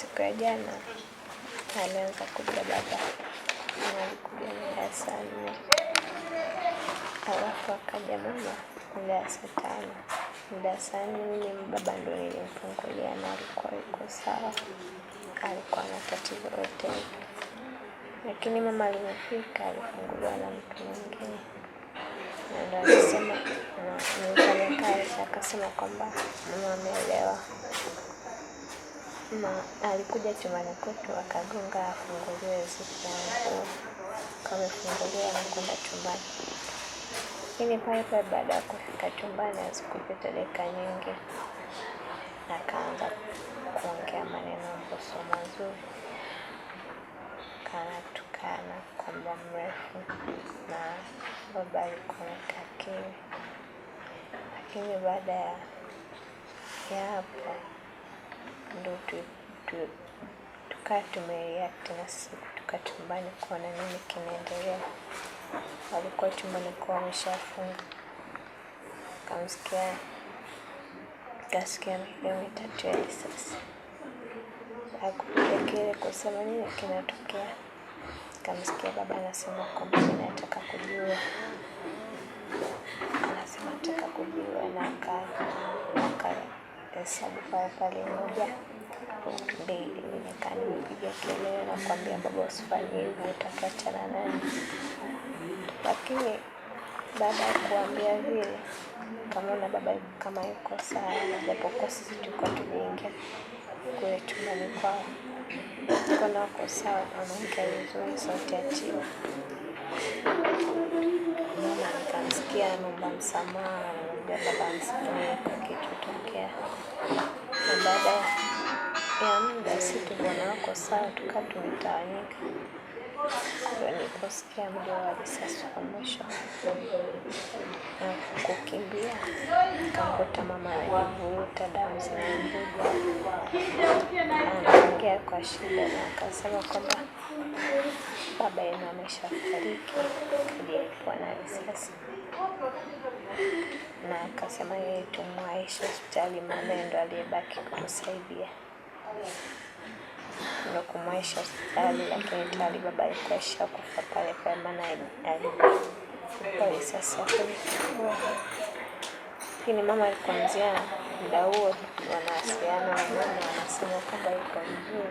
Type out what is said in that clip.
siku ya jana alianza kuja baba, alikuja mida saa nne alafu akaja mama mida ya saa tano mida saa nne mimi baba ndo nilimfungulia, na alikuwa yuko sawa, alikuwa na tatizo yote, lakini mama alimefika alifunguliwa na mtu mwingine na alisema, na mfanyakazi akasema kwamba mama ameelewa. Ma, alikuja chumbani kwetu akagonga afunguliwe zipu yangu kamefunguliwa na chumbani, lakini pale pale baada ya kufika chumbani azikupita dakika nyingi, akaanza kuongea maneno mboso mazuri, kanatukana kwa muda mrefu na baba alikuwa anatakiwa, lakini baada ya hapo ndo tukaa tumereact na siku kutoka chumbani kuona nini kinaendelea. Walikuwa chumbani kuwa wameshafunga, kamsikia kasikia mipigo mitatu ya risasi, akupiga kile kusema nini kinatokea, kamsikia baba anasema kwamba anataka kujua hesabu kwa pale moja mbili, nikanipiga kelele na kuambia baba, usifanye hivyo, utatuachana naye. Lakini baada ya kuambia vile, kamaona baba kama yuko sawa, japokuwa sisi tulikuwa tuliingia kule chumbani kwao kona wako sawa, anaongea vizuri, sauti ya chini Namtakia Mungu msamaha, namwambia Baba msamaha kwa tokea. Na baada ya muda si tuliona wako sawa, tukaa tumetawanyika. Ndio niliposikia mdo wa risasi wa mwisho na kukimbia, nikamkuta mama anajivuruta, damu zinamvuja, anaongea kwa shida na akasema kwamba baba yenu ameshafariki, aliyekuwa na risasi, na akasema yeye tumwaishe hospitali, mama ndo aliyebaki kutusaidia ndo kumwaisha hospitali, lakini tayari baba alikuwa ashakufa pale pale, maana alipigwa risasi ya Lakini mama alikuwa mziani muda huo, wanawasiliana, wanasema kwamba yuko mzuri